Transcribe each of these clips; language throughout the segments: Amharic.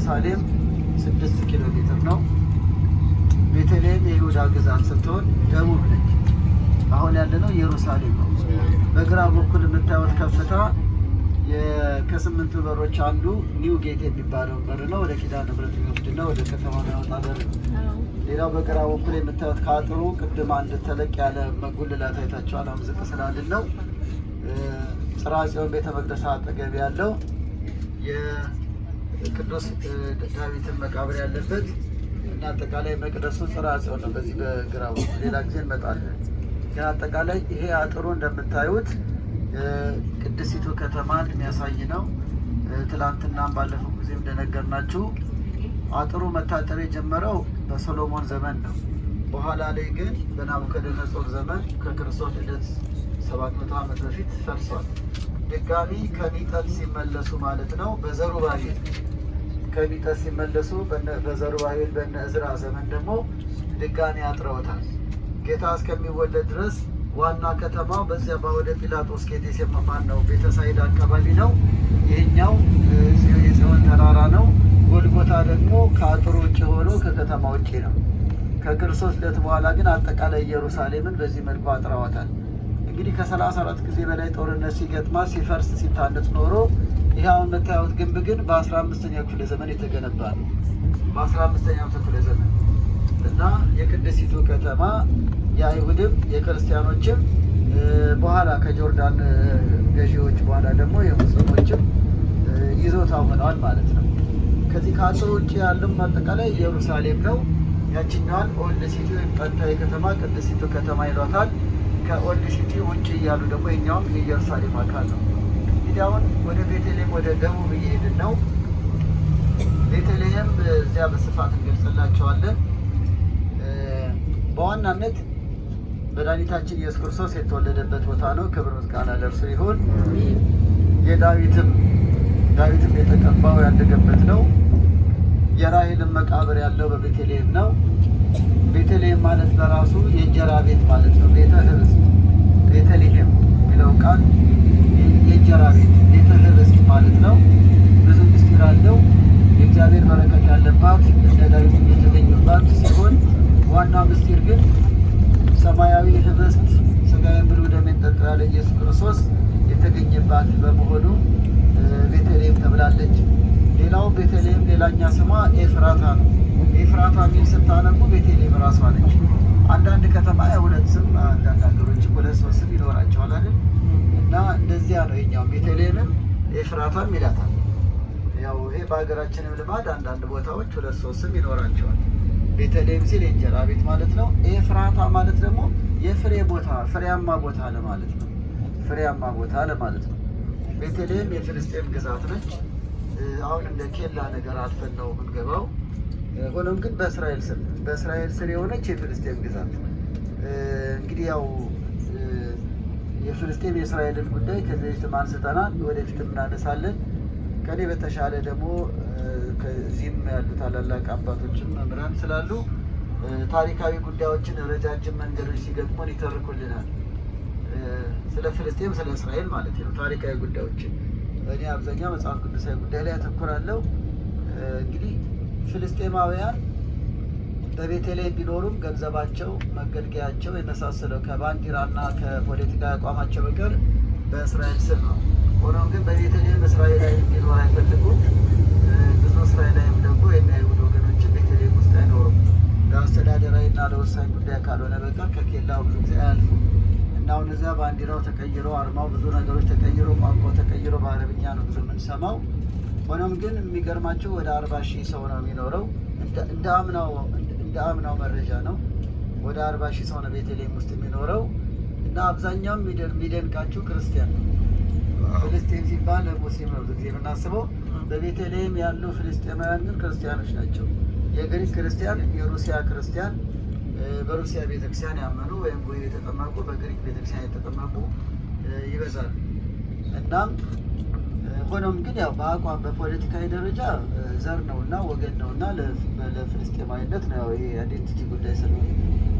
ኢየሩሳሌም 6 ኪሎ ሜትር ነው። ቤተልሔም የይሁዳ ግዛት ስትሆን ደቡብ ነች። አሁን ያለነው ኢየሩሳሌም ነው። በግራ በኩል የምታዩት ከፍታ ከስምንቱ በሮች አንዱ ኒው ጌት የሚባለው በር ነው። ወደ ኪዳነ ምሕረት የሚወስድና ወደ ከተማ የሚያወጣ በር ነው። ሌላው በግራ በኩል የምታዩት ከአጥሩ ቅድም አንድ ተለቅ ያለ መጉልላት አይታችኋል። አምዝቅ ስላልን ነው ጽርሐ ጽዮን ቤተ መቅደስ አጠገብ ያለው የቅዱስ ዳዊትን መቃብር ያለበት እና አጠቃላይ መቅደሱ ስራ ጽዮን ነው። በዚህ በግራ ሌላ ጊዜ እንመጣለን። ግን አጠቃላይ ይሄ አጥሩ እንደምታዩት ቅድስቱ ከተማን የሚያሳይ ነው። ትላንትናም ባለፈው ጊዜ እንደነገርናችሁ አጥሩ መታጠር የጀመረው በሰሎሞን ዘመን ነው። በኋላ ላይ ግን በናቡከደነጾር ዘመን ከክርስቶስ ልደት ሰባት መቶ ዓመት በፊት ፈርሷል። ድጋሚ ከሚጠል ሲመለሱ ማለት ነው በዘሩባቤል ከሚጠል ሲመለሱ በዘሩባቤል በነ እዝራ ዘመን ደግሞ ድጋሚ አጥረውታል። ጌታ እስከሚወለድ ድረስ ዋና ከተማው በዚያ በአወደ ጲላጦስ ጌቴሴማኒ ነው፣ ቤተሳይድ አካባቢ ነው። ይህኛው የጽዮን ተራራ ነው። ጎልጎታ ደግሞ ከአጥሩ ውጭ ሆኖ ከከተማ ውጭ ነው። ከክርስቶስ ልደት በኋላ ግን አጠቃላይ ኢየሩሳሌምን በዚህ መልኩ አጥረዋታል። እንግዲህ ከ34 ጊዜ በላይ ጦርነት ሲገጥማ ሲፈርስ ሲታነጽ ኖሮ ይህ አሁን የምታዩት ግንብ ግን በ15ኛው ክፍለ ዘመን የተገነባ ነው። 15 ኛ ክፍለ ዘመን እና የቅድስቲቱ ከተማ የአይሁድም የክርስቲያኖችም በኋላ ከጆርዳን ገዢዎች በኋላ ደግሞ የሙስሊሞችም ይዞታ ሆነዋል ማለት ነው። ከዚህ ከአጥሩ ውጭ ያለም አጠቃላይ ኢየሩሳሌም ነው። ያችኛዋን ኦልድ ሲቲ ወይም ከተማ ቅድስቱ ከተማ ይሏታል። ከኦልድ ሲቲ ውጭ እያሉ ደግሞ የኛውም የኢየሩሳሌም አካል ነው። እንግዲህ አሁን ወደ ቤተልሔም ወደ ደቡብ እየሄድን ነው። ቤተልሔም እዚያ በስፋት እንገልጽላቸዋለን። በዋናነት መድኃኒታችን ኢየሱስ ክርስቶስ የተወለደበት ቦታ ነው። ክብር ምስጋና ለእርሱ ይሁን። የዳዊትም ዳዊትም የተቀባው ያደገበት ነው። የራሔልም መቃብር ያለው በቤተልሔም ነው። ቤተልሔም ማለት በራሱ የእንጀራ ቤት ማለት ነው። ቤተ ህርስት ቤተልሔም የሚለው ቃል የእንጀራ ቤት ቤተ ህርስት ማለት ነው። ብዙ ምስጢር አለው። የእግዚአብሔር በረከት ያለባት እንደ ዳዊት የተገኙባት ሲሆን ዋና ምስጢር ግን ሰማያዊ ህብስት ስጋዬን ብሉ ደሜን ጠጡ ያለ ኢየሱስ ክርስቶስ የተገኘባት በመሆኑ ቤተልሔም ተብላለች። ሌላው ቤተልሔም፣ ሌላኛ ስሟ ኤፍራታ ነው። ኤፍራታ ሚል ስታነቡ ቤተልሔም ራሷ ነች። አንዳንድ ከተማ ሁለት ስም፣ አንዳንድ ሀገሮች ሁለት ሶስት ስም ይኖራቸዋል አይደል? እና እንደዚያ ነው የኛው ቤተልሔምም ኤፍራታም ይላታል። ያው ይሄ በሀገራችንም ልማድ አንዳንድ ቦታዎች ሁለት ሶስት ስም ይኖራቸዋል። ቤተልሔም ሲል የእንጀራ ቤት ማለት ነው። ኤፍራታ ማለት ደግሞ የፍሬ ቦታ ፍሬያማ ቦታ ለማለት ነው። ፍሬያማ ቦታ ለማለት ነው። ቤተልሔም የፍልስጤም ግዛት ነች። አሁን እንደ ኬላ ነገር አልፈን ነው የምንገባው። ሆኖም ግን በእስራኤል ስር በእስራኤል ስር የሆነች የፍልስጤም ግዛት እንግዲህ ያው የፍልስጤም የእስራኤልን ጉዳይ ከዚህ በፊትም አንስተናል፣ ወደፊትም እናነሳለን። ከኔ በተሻለ ደግሞ ከዚህም ያሉ ታላላቅ አባቶችን መምህራን ስላሉ ታሪካዊ ጉዳዮችን ረጃጅም መንገዶች ሲገጥሙን ይተርኩልናል። ስለ ፍልስጤም፣ ስለ እስራኤል ማለት ነው ታሪካዊ ጉዳዮችን እኔ አብዛኛው መጽሐፍ ቅዱሳዊ ጉዳይ ላይ ያተኩራለሁ። እንግዲህ ፍልስጤማውያን በቤተልሔም ቢኖሩም ገንዘባቸው፣ መገልገያቸው የመሳሰለው ከባንዲራና ከፖለቲካ አቋማቸው በቀር በእስራኤል ስር ነው። ሆኖም ግን በቤተልሔም ላይ ቢኖር አይፈልጉም። ብዙ ላይም ደግሞ የሚያይሁድ ወገኖችን ቤተልሔም ውስጥ አይኖሩም። ለአስተዳደራዊ ለወሳኝ ጉዳይ ካልሆነ በቀር ከኬላው ብዙ ጊዜ አያልፉ ዋናው እዛ ባንዲራው ተቀይሮ አርማው ብዙ ነገሮች ተቀይሮ ቋንቋው ተቀይሮ በአረብኛ ነው ብዙ የምንሰማው። ሆኖም ግን የሚገርማቸው ወደ አርባ ሺህ ሰው ነው የሚኖረው። እንደ አምናው መረጃ ነው ወደ አርባ ሺህ ሰው ነው ቤተልሔም ውስጥ የሚኖረው እና አብዛኛውም የሚደንቃችሁ ክርስቲያን ነው። ፍልስጤም ሲባል ለሙስሊም ነው ብዙ ጊዜ የምናስበው። በቤተልሔም ያሉ ፍልስጤማውያን ግን ክርስቲያኖች ናቸው። የግሪክ ክርስቲያን፣ የሩሲያ ክርስቲያን በሩሲያ ቤተክርስቲያን ያመኑ ወይም ጎይ የተጠመቁ በግሪክ ቤተክርስቲያን የተጠመቁ ይበዛሉ። እናም ሆኖም ግን ያው በአቋም በፖለቲካዊ ደረጃ ዘር ነውና ወገን እና ለፍልስጤማዊነት ነው ይሄ አይዴንቲቲ ጉዳይ ስለ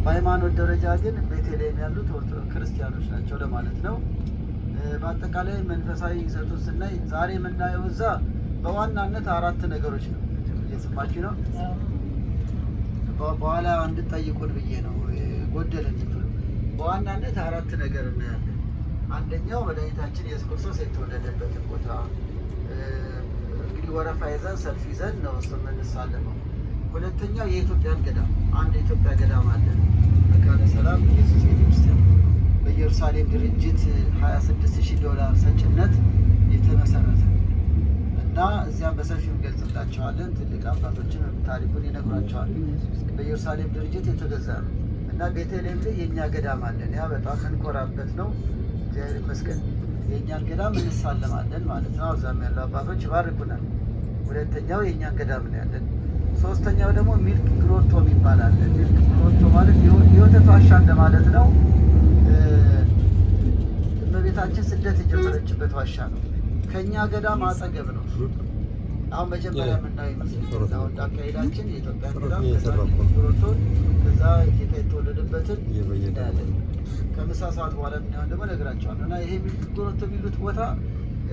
በሃይማኖት ደረጃ ግን ቤተልሔም ያሉት ክርስቲያኖች ናቸው ለማለት ነው። በአጠቃላይ መንፈሳዊ ይዘቱ ስናይ ዛሬ የምናየው እዛ በዋናነት አራት ነገሮች ነው። እየሰማችሁ ነው። በኋላ እንድጠይቁን ብዬ ነው ጎደለን ይብሉ። በዋናነት አራት ነገር እናያለን። አንደኛው መድኃኒታችን ኢየሱስ ክርስቶስ የተወለደበትን ቦታ እንግዲህ ወረፋ ይዘን ሰልፍ ይዘን ነው እሱ የምንሳለመው። ሁለተኛው የኢትዮጵያን ገዳም አንድ የኢትዮጵያ ገዳም አለ መካነ ሰላም ኢየሱስ ቤተክርስቲያን በኢየሩሳሌም ድርጅት 26 ሺህ ዶላር ሰጭነት የተመሰረተ እና እዚያም በሰፊው እናስቀምጣቸዋለን። ትልቅ አባቶችን ታሪኩን ይነግሯቸዋል። በኢየሩሳሌም ድርጅት የተገዛ ነው እና ቤተልሔም ላይ የእኛ ገዳም አለን። ያ በጣም እንኮራበት ነው። እግዚአብሔር ይመስገን። የእኛን ገዳም እንሳለማለን ማለት ነው። አብዛም ያለው አባቶች ይባርኩናል። ሁለተኛው የእኛን ገዳም ነው ያለን። ሶስተኛው ደግሞ ሚልክ ግሮቶ ይባላል። ሚልክ ግሮቶ ማለት የወተት ዋሻ እንደማለት ነው። እመቤታችን ስደት የጀመረችበት ዋሻ ነው። ከእኛ ገዳም አጠገብ ነው። አሁን መጀመሪያ የምናየው ይመስለኛል አሁን አካሄዳችን የኢትዮጵያ ሮቶን ከዛ ጌታ የተወለደበትን እናያለን። ከምሳ ሰዓት በኋላ የምናየው ደግሞ ነግራቸዋል እና ይሄ ሮቶ የሚሉት ቦታ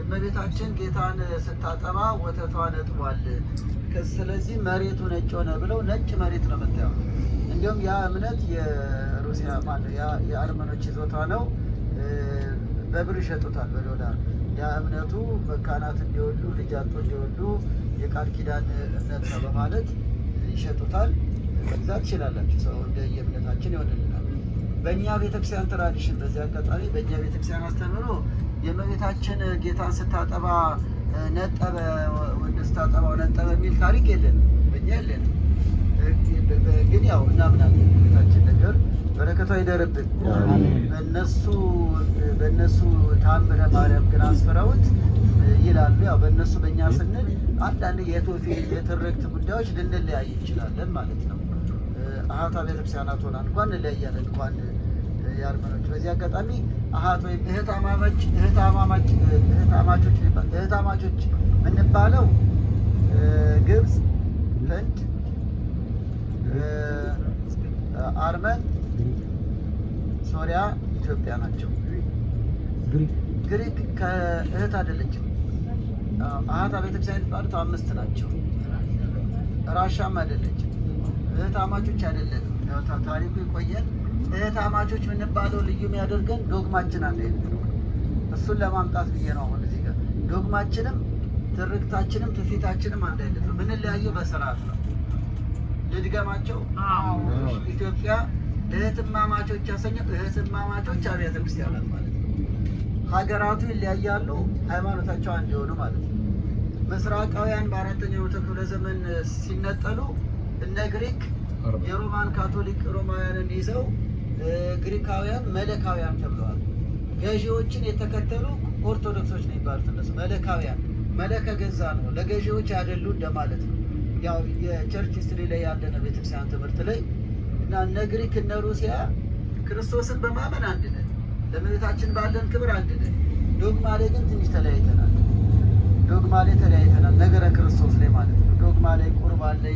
እመቤታችን ጌታን ስታጠባ ወተቷ ነጥቧል። ስለዚህ መሬቱ ነጭ ሆነ ብለው ነጭ መሬት ነው የምታየው። እንዲሁም ያ እምነት የሩሲያ ማነው የአርመኖች ይዞታ ነው። በብር ይሸጡታል በዶላር እምነቱ መካናት እንዲወዱ ልጅ አጥቶ እንዲወዱ የቃል ኪዳን እምነት ነው በማለት ይሸጡታል። መግዛት ትችላላችሁ። ሰው እንደ የእምነታችን ይሆንልናል። በእኛ ቤተክርስቲያን ትራዲሽን፣ በዚህ አጋጣሚ በእኛ ቤተክርስቲያን አስተምሮ የእመቤታችን ጌታን ስታጠባ ነጠበ፣ ወንድ ስታጠባው ነጠበ የሚል ታሪክ የለን፣ በእኛ የለን። ግን ያው እናምናለን የእመቤታችን ነገር በረከቱ ይደርብን። በእነሱ በእነሱ ታምረ ማርያም ግን አስፈራውት ይላሉ። ያው በእነሱ በእኛ ስንል አንዳንድ የትውፊት የትርክት ጉዳዮች ልንለያይ እንችላለን ማለት ነው። አሃቷ ቤተክርስቲያናት ሆና እንኳን እንለያያለን እንኳን የአርመኖች በዚህ አጋጣሚ አሃት ወይም እህታማማች እህታማቾች እህታማቾች የምንባለው ግብፅ፣ ህንድ፣ አርመን ሶሪያ ኢትዮጵያ ናቸው። ግሪክ ግሪክ ከእህት አይደለችም። አህታ ቤተክርስቲያን የተባሉት አምስት ናቸው። ራሻም አይደለችም። እህት አማቾች አይደለንም። ታሪኩ ይቆየን። እህት አማቾች የምንባለው ልዩ የሚያደርገን ዶግማችን አለ። እሱን ለማምጣት ብዬ ነው አሁን እዚህ ጋር ዶግማችንም ትርክታችንም ትውፊታችንም አንድ አይነት ነው። ምንለያየው በስርዓት ነው። ልድገማቸው ኢትዮጵያ እህትማማቾች ያሰኘ እህትማማቾች አብያተ ክርስቲያናት ማለት ነው። ሀገራቱ ይለያያሉ፣ ሃይማኖታቸው አንድ የሆኑ ማለት ነው። ምስራቃውያን በአራተኛው መቶ ክፍለ ዘመን ሲነጠሉ እነ ግሪክ የሮማን ካቶሊክ ሮማውያንን ይዘው ግሪካውያን መለካውያን ተብለዋል። ገዢዎችን የተከተሉ ኦርቶዶክሶች ነው ይባሉት እነሱ መለካውያን። መለከ ገዛ ነው ለገዢዎች ያደሉ እንደማለት ነው። ያው የቸርች ስትሪ ላይ ያለነው ቤተክርስቲያን ትምህርት ላይ እና እነ ግሪክ እነ ሩሲያ ክርስቶስን በማመን አንድ ነን፣ ለእመቤታችን ባለን ክብር አንድ ነን። ዶግማ ላይ ግን ትንሽ ተለያይተናል። ዶግማ ላይ ተለያይተናል፣ ነገረ ክርስቶስ ላይ ማለት ነው። ዶግማ ላይ፣ ቁርባን ላይ፣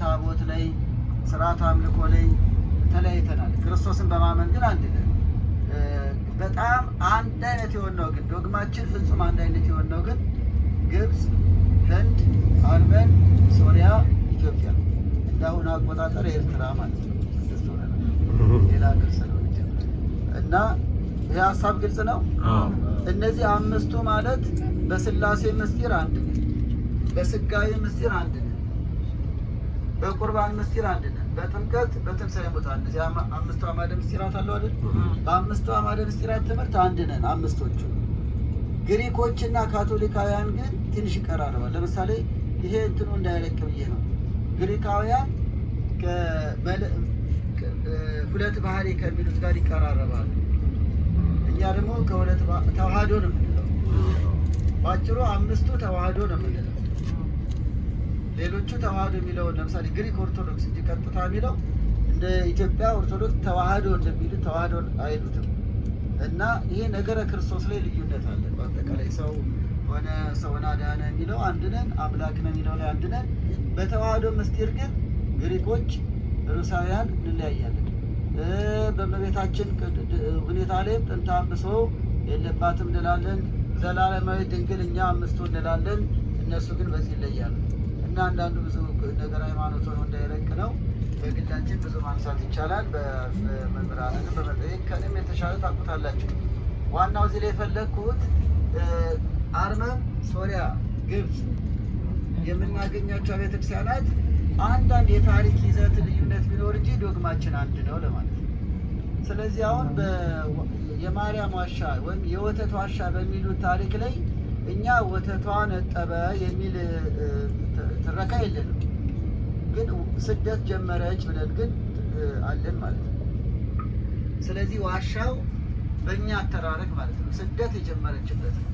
ታቦት ላይ፣ ስርዓት አምልኮ ላይ ተለያይተናል። ክርስቶስን በማመን ግን አንድ ነን። በጣም አንድ አይነት የሆነው ግን ዶግማችን ፍጹም አንድ አይነት የሆነው ግን ግብፅ፣ ህንድ፣ አርመን፣ ሶሪያ፣ ኢትዮጵያ እንዳሁን አቆጣጠር ኤርትራ ማለት ነው። ሌላ እና ይህ ሀሳብ ግልጽ ነው። እነዚህ አምስቱ ማለት በስላሴ ምስጢር አንድ ነን፣ በስጋዊ ምስጢር አንድ ነን፣ በቁርባን ምስጢር አንድ ነን፣ በጥምቀት በትንሳኤ ሙታን። እነዚህ አምስቱ አማደ ምስጢራት አለው አይደል? በአምስቱ አማደ ምስጢራት ትምህርት አንድ ነን አምስቶቹ። ግሪኮችና ካቶሊካውያን ግን ትንሽ ይቀራረባል። ለምሳሌ ይሄ እንትኑ እንዳይለቅ ብዬ ነው ግሪካውያን ሁለት ባህሪ ከሚሉት ጋር ይቀራረባሉ። እኛ ደግሞ ከሁለት ተዋህዶ ነው የምንለው። ባጭሩ አምስቱ ተዋህዶ ነው የምንለው። ሌሎቹ ተዋህዶ የሚለውን ለምሳሌ ግሪክ ኦርቶዶክስ እንጂ ቀጥታ የሚለው እንደ ኢትዮጵያ ኦርቶዶክስ ተዋህዶ እንደሚሉት ተዋህዶ አይሉትም። እና ይሄ ነገረ ክርስቶስ ላይ ልዩነት አለ። በአጠቃላይ ሰው ሆነ ሰውን አዳነ የሚለው አንድ ነን፣ አምላክ ነው የሚለው ላይ አንድ ነን። በተዋህዶ ምስጢር ግን ግሪኮች፣ ሩሳውያን እንለያያለን። በእመቤታችን ሁኔታ ላይ ጥንተ አብሶ የለባትም እንላለን። ዘላለማዊ ድንግል እኛ አምስቱ እንላለን። እነሱ ግን በዚህ ይለያሉ እና አንዳንዱ ብዙ ነገር ሃይማኖት ሆኖ እንዳይረቅ ነው። በግላችን ብዙ ማንሳት ይቻላል። በመምህራንንም በመጠየቅ ከንም የተሻለ ታቁታላችሁ። ዋናው እዚህ ላይ የፈለግኩት አርመን፣ ሶሪያ፣ ግብፅ የምናገኛቸው ቤተክርስቲያናት አንዳንድ የታሪክ ይዘት ልዩነት ቢኖር እንጂ ዶግማችን አንድ ነው ለማለት ነው። ስለዚህ አሁን የማርያም ዋሻ ወይም የወተት ዋሻ በሚሉት ታሪክ ላይ እኛ ወተቷ ነጠበ የሚል ትረካ የለንም፣ ግን ስደት ጀመረች ብለን ግን አለን ማለት ነው። ስለዚህ ዋሻው በእኛ አተራረክ ማለት ነው ስደት የጀመረችበት ነው።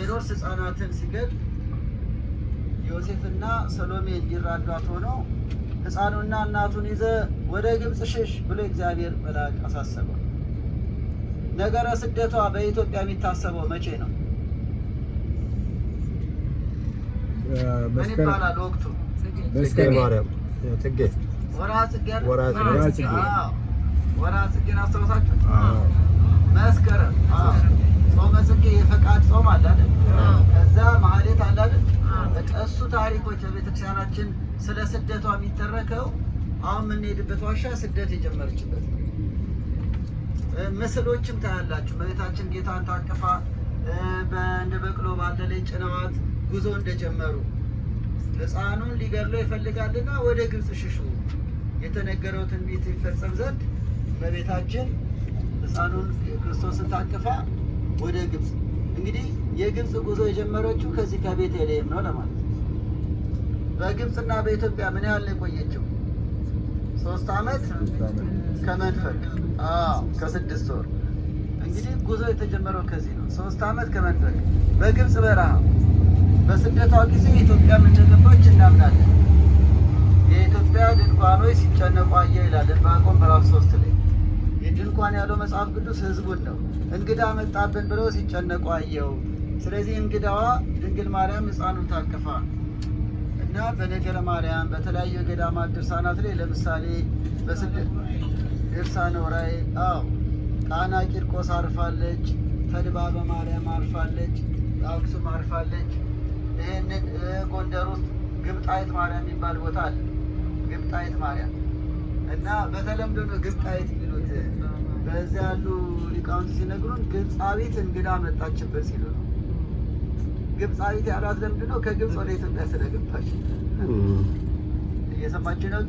ሄሮድስ ህፃናትን ሲገል ዮሴፍና ሰሎሜ እንዲራዷት ሆነው ህፃኑና እናቱን ይዘ ወደ ግብፅ ሽሽ ብሎ እግዚአብሔር መልአክ አሳሰበው። ነገረ ስደቷ በኢትዮጵያ የሚታሰበው መቼ ነው? ምን ይባላል? ወቅቱ አስታውሳችሁ መስከረም ጾመ ጽጌ የፈቃድ ጾም አለ አይደል? ከዛ ማህሌት አለ አይደል? በቃ እሱ ታሪኮች በቤተክርስቲያናችን ስለ ስደቷ የሚተረከው አሁን የምንሄድበት ዋሻ ስደት የጀመረችበት ምስሎችም ታያላችሁ። በቤታችን ጌታን ታቅፋ እንደ በቅሎ ባለ ላይ ጭነዋት ጉዞ እንደጀመሩ ሕፃኑን ሊገድሎ ይፈልጋልና ወደ ግብፅ ሽሹ የተነገረው ትንቢት ይፈጸም ዘንድ እመቤታችን ሕፃኑን ክርስቶስን ታቅፋ ወደ ግብፅ። እንግዲህ የግብፅ ጉዞ የጀመረችው ከዚህ ከቤተልሔም ነው ለማለት ነው። በግብፅና በኢትዮጵያ ምን ያህል የቆየችው? ሶስት አመት ከመንፈቅ ከስድስት ወር። እንግዲህ ጉዞ የተጀመረው ከዚህ ነው። ሶስት አመት ከመንፈቅ በግብፅ በረሃ በስደቷ ጊዜ ኢትዮጵያ እንደገባች እናምናለን። የኢትዮጵያ ድንኳኖች ሲጨነቁ አየ ይላል ዕንባቆም ምዕራፍ ሶስት ላይ ድንኳን ያለው መጽሐፍ ቅዱስ ህዝቡን ነው። እንግዳ መጣብን ብለው ሲጨነቁ አየው። ስለዚህ እንግዳዋ ድንግል ማርያም ህፃኑን ታቅፋ እና በነገረ ማርያም በተለያዩ የገዳማት ድርሳናት ላይ ለምሳሌ በስደት ድርሳነ ራይ አው ቃና ቂርቆስ አርፋለች፣ ተድባ በማርያም አርፋለች፣ አክሱም አርፋለች። ይህን ጎንደር ውስጥ ግብጣይት ማርያም የሚባል ቦታ አለ። ግብጣይት ማርያም እና በተለምዶ ነው ግብጣይት በዚህ ያሉ ሊቃውንት ሲነግሩን ግብፃዊት እንግዳ መጣችበት ሲሉ ነው። ግብፃዊት ያሏት ለምንድን ነው? ከግብፅ ወደ ኢትዮጵያ ስለገባች እየሰማች ነው።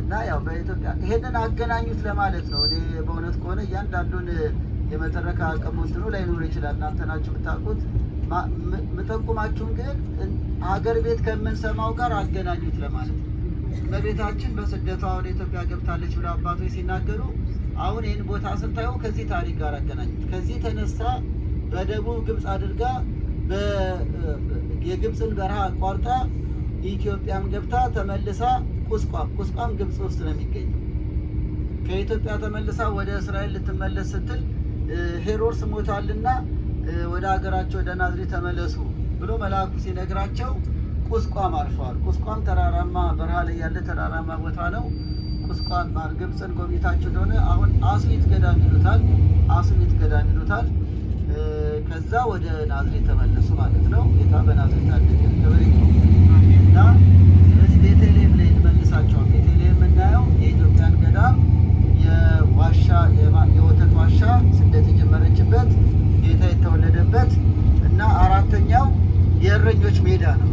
እና ያው በኢትዮጵያ ይሄንን አገናኙት ለማለት ነው። እኔ በእውነት ከሆነ እያንዳንዱን የመተረካ አቅሙ እንትኑ ላይኖር ይችላል። እናንተ ናችሁ የምታውቁት። ምጠቁማችሁን ግን አገር ቤት ከምንሰማው ጋር አገናኙት ለማለት ነው። በቤታችን በስደቷ ወደ ኢትዮጵያ ገብታለች ብለው አባቶች ሲናገሩ አሁን ይህን ቦታ ስታየው ከዚህ ታሪክ ጋር አገናኙት። ከዚህ ተነሳ በደቡብ ግብፅ አድርጋ የግብፅን በረሃ አቋርጣ ኢትዮጵያም ገብታ ተመልሳ ቁስቋም ቁስቋም ግብፅ ውስጥ ነው የሚገኘው። ከኢትዮጵያ ተመልሳ ወደ እስራኤል ልትመለስ ስትል ሄሮድስ ሞቷልና ወደ ሀገራቸው ወደ ናዝሬት ተመለሱ ብሎ መልአኩ ሲነግራቸው ቁስቋም አርፈዋል። ቁስቋም ተራራማ በረሃ ላይ ያለ ተራራማ ቦታ ነው። ቁስቋም ባር ግብፅን ጎብኝታችሁ እንደሆነ አሁን አስሊት ገዳም ይሉታል። አስሊት ገዳም ይሉታል። ከዛ ወደ ናዝሬት ተመለሱ ማለት ነው። ጌታ በናዝሬት አደገ ገበሬ እና ስለዚህ ቤተልሔም ላይ እንመልሳቸዋል። ቤተልሔም የምናየው የኢትዮጵያን ገዳም የዋሻ የወተት ዋሻ ስደት የጀመረችበት ጌታ የተወለደበት እና አራተኛው የእረኞች ሜዳ ነው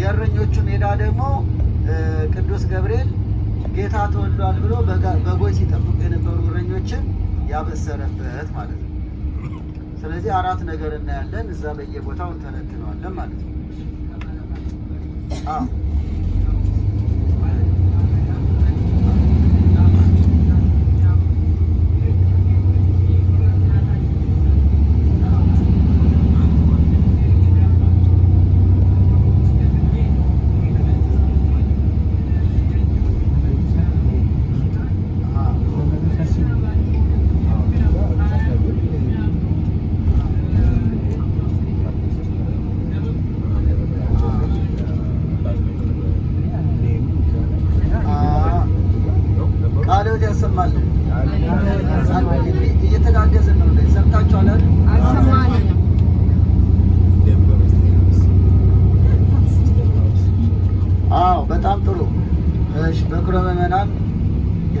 የእረኞቹ ሜዳ ደግሞ ቅዱስ ገብርኤል ጌታ ተወልዷል ብሎ በጎች ሲጠብቁ የነበሩ እረኞችን ያበሰረበት ማለት ነው። ስለዚህ አራት ነገር እናያለን እዛ በየቦታው እንተነትነዋለን ማለት ነው።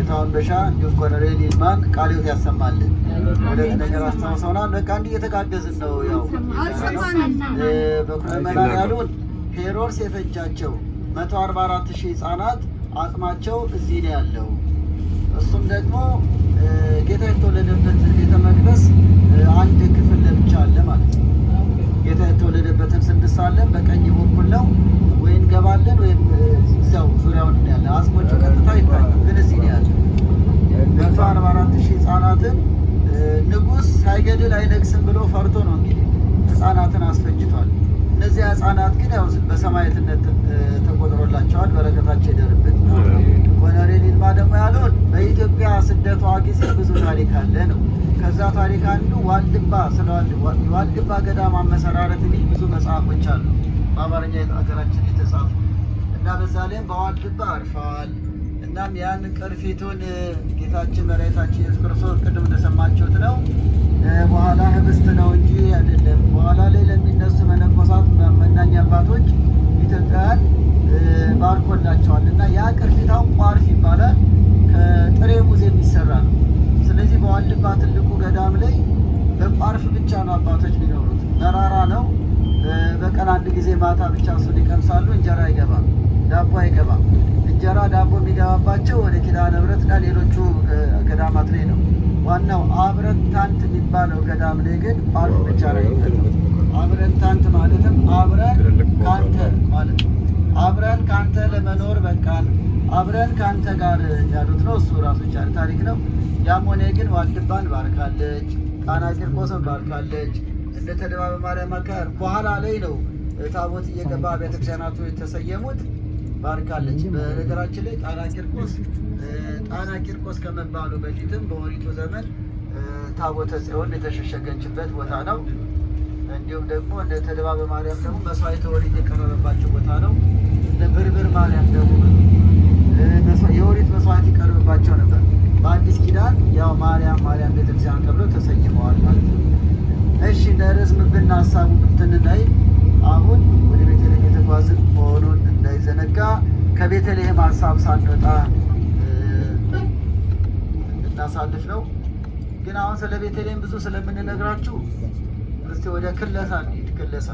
ጌታውን በሻ እንዲሁም ኮሎኔል ይልማን ቃል ሕይወት ያሰማልን። ሁለት ነገር አስታውሰውናል። በቃ እንዲህ እየተጋገዝን ነው። ያው በኩረመናን ያሉን ሄሮድስ የፈጃቸው መቶ አርባ አራት ሺህ ህጻናት አቅማቸው እዚህ ነው ያለው። እሱም ደግሞ ጌታ የተወለደበት ቤተ መቅደስ አንድ ክፍል ለብቻ አለ ማለት ነው። ጌታ የተወለደበትን ስንድሳለን በቀኝ በኩል ነው ወይ እንገባለን ወይም ታሪክ አንዱ ዋልድባ ስለዋል ዋልድባ ገዳም አመሰራረት የሚል ብዙ መጽሐፎች አሉ በአማርኛ ሀገራችን የተጻፉ እና በዛ ላይም በዋልድባ አርፈዋል። እናም ያን ቅርፊቱን ጌታችን መሬታችን ኢየሱስ ክርስቶስ ቅድም እንደሰማችሁት ነው በኋላ ህብስት ነው እንጂ አይደለም። በኋላ ላይ ለሚነሱ መነኮሳት መናኝ አባቶች ኢትዮጵያን ባርኮላቸዋል እና ያ ቅርፊታው ቋርፍ ይባላል። ከጥሬ ሙዝ የሚሰራ ነው። ስለዚህ በዋልድባ ትልቁ ገዳም ላይ በቋርፍ ብቻ ነው አባቶች የሚኖሩት። መራራ ነው። በቀን አንድ ጊዜ ማታ ብቻ እሱን ይቀምሳሉ። እንጀራ አይገባም፣ ዳቦ አይገባም። እንጀራ ዳቦ የሚገባባቸው ወደ ኪዳነ ምሕረትና ሌሎቹ ገዳማት ላይ ነው። ዋናው አብረታንት የሚባለው ገዳም ላይ ግን ቋርፍ ብቻ ነው። አብረታንት ማለትም አብረ ካንተ ማለት ነው። አብረን ካንተ ለመኖር በቃን፣ አብረን ካንተ ጋር ያሉት ነው። እሱ ራሱ ቻለ ታሪክ ነው። ያም ሆነ ግን ዋልድባን ባርካለች፣ ጣና ቂርቆስን ባርካለች። እንደ ተደባ በማርያም አካባቢ በኋላ ላይ ነው ታቦት እየገባ ቤተክርስቲያናቱ የተሰየሙት ባርካለች። በነገራችን ላይ ጣና ቂርቆስ ጣና ቂርቆስ ከመባሉ በፊትም በኦሪቱ ዘመን ታቦተ ጽዮን የተሸሸገችበት ቦታ ነው። እንዲሁም ደግሞ እንደ ተድባበ ማርያም ደግሞ መስዋዕተ ኦሪት የቀረበባቸው ቦታ ነው። ብርብር ማርያም ደግሞ የኦሪት መስዋዕት ይቀርብባቸው ነበር። በአዲስ ኪዳን ያው ማርያም ማርያም ቤተክርስቲያን ተብለው ተሰይመዋል ማለት ነው። እሺ እንዳይረዝምብን ሀሳቡ ብትንላይ አሁን ወደ ቤተልሔም የተጓዝን መሆኑን እንዳይዘነጋ ከቤተልሔም ሀሳብ ሳንወጣ እናሳልፍ ነው። ግን አሁን ስለ ቤተልሔም ብዙ ስለምንነግራችሁ እስኪ ወደ ክለሳ እንሂድ። ክለሳ